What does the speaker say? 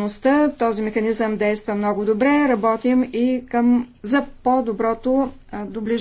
отчетността. Този механизъм действа много добре. Работим и към, за по-доброто доближаване